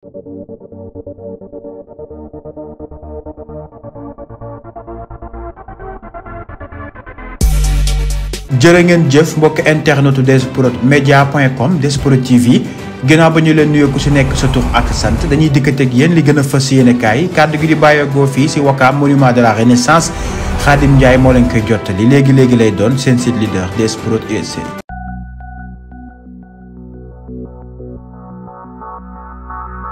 jërë ngeen jëf mbokk internetu Desport Media point com Desport TV ginnaaw ba ñu leen nuyoo ku si nekk sa tur ak sant dañuy dikkate ak yéen li gën a fës yéene kàddu gi di bàyyeekoo fii si Wakaam monument de la renaissance Khadim Ndiaye moo leen koy jottali léegi léegi lay doon seen site leader Desport USA.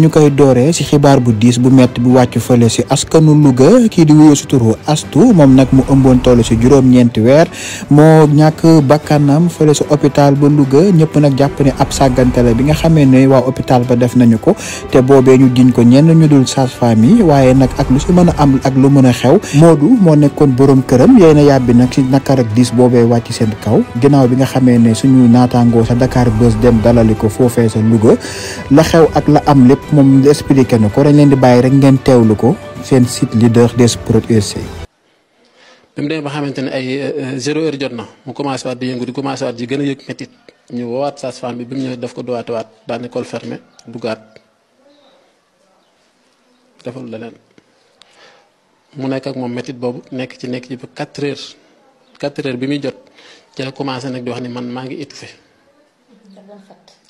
ñu koy dooree ci xibaar bu diis bu metti bu wàcc fële ci askanu Louga kii di wuyoo ci turu Astu moom nag mu ëmboon toll ci juróom-ñeenti weer moo ñàkk bakkanam fële ci hôpital ba Louga ñëpp nag jàpp ne ab sàggante la bi nga xamee ne waa hôpital ba def nañu ko te boobee ñu jiñ ko ñenn ñu dul sage-femme yi waaye nag ak lu ci mën a am ak lu mën a xew Modou moo nekkoon borom këram yéen a yàbbi nag ci nakar ak diis boobee wàcc seen kaw ginnaaw bi nga xamee ne suñu naataangoo sa ndakaar Buzz dem dalali ko foofee sa Louga la xew ak la am lépp moom expliqué na ko a leen di bàyyi rek ngeen teewlu ko seen site leader des prod USC. bi mu demee ba xamante ne ay euh, zéro heure jot na mu commencé waat di yëngu di commencé waat di gën a yëg métit ñu woowaat sage-femme bi bi mu ñëwee daf ko dowaate waat daan école fermé duggaat defal la leen mu nekk ak moom métit boobu nekk ci nekk ci ba quatre heures quatre heures bi muy jot ci la commencé nag di wax ni man maa ngi étouffé.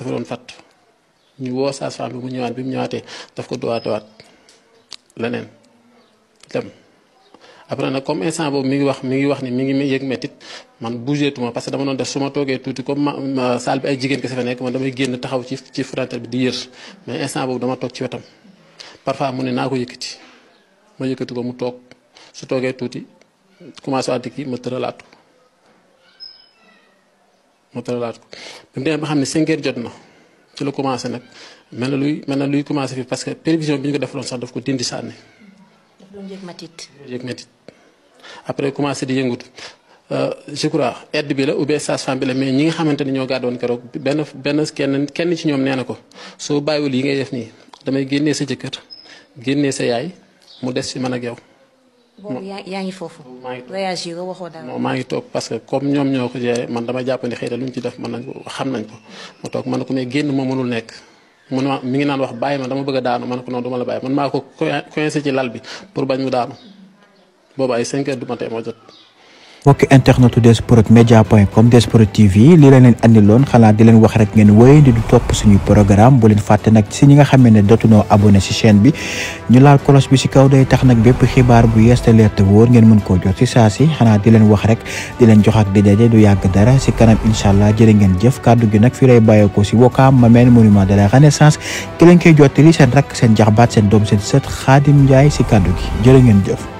dafa doon fàtt. ñu woo sage-femme bi mu ñëwaat bi mu ñëwaatee daf ko duwaatawaat leneen dem après nag comme instant boobu mi ngi wax mi ngi wax ni mi ngi yëg mettit man bougé tuma parce que dama doon def su ma toogee tuuti comme ma salle bi ay jigéen kese fa nekk man damay taxaw ci ci frontière bi di yër mais instant boobu dama toog wetam parfois mu ne naa ko yëkkati ma yëkkati ko mu toog su toogee tuuti commencé waat ma tëralaat ko ma xam ne 5 jot na. ci la commencé nag mel na luy mel na luy commencé fi parce que prévision bi ñu ko defaloon sax daf ko dindi sànni. daf doon yëg métit. yëg métit après commencé di yëngatu euh, je crois aide bi la ou bien sage bi la mais ñi nga xamante ni ñoo gàddoon keroog benn benn kenn kenn ci ñoom nee na ko soo bàyyiwul yi ngay def nii damay génnee sa jëkkër génnee sa yaay mu des ci man a yow. boobu yaa ngi foofu. voyage nga waxoo dara. non maa ngi toog parce que comme ñoom ñoo ko jaayee man dama jàpp ne xëy na lu ñu ci def mën nañ ko xam nañ ko ma toog man ko mais génn ma mënul nekk. mu ne ma mi ngi naan wax bàyyi ma dama bëgg a daanu man ko noonu ma la bàyyi man maa ko coincé ci lal bi pour bañ mu daanu boobu ay 5 heures du matin moo jot. mbokki internetu DS Prod Media point com DS Prod TV lii la leen andiloon xanaa di leen wax rek ngeen wéyandi du topp suñu programme bu leen fàtte nag si ñi nga xamee ne dootunoo abonné si chaîne bi ñu laal cloche bi si kaw day tax nag bépp xibaar bu yees te leer te wóor ngeen mën koo jot ci saa si xanaa di leen wax rek di leen jox ak di daje du yàgg dara si kanam incha allah jërë ngeen jëf kàddu gi nag fii lay bàyyeekoo si Wakaam Mamelles monument de la renaissance ki leen koy jottali seen rakk seen doom seen sët Xaadim Njaay si kàddu gi jërë ngeen jëf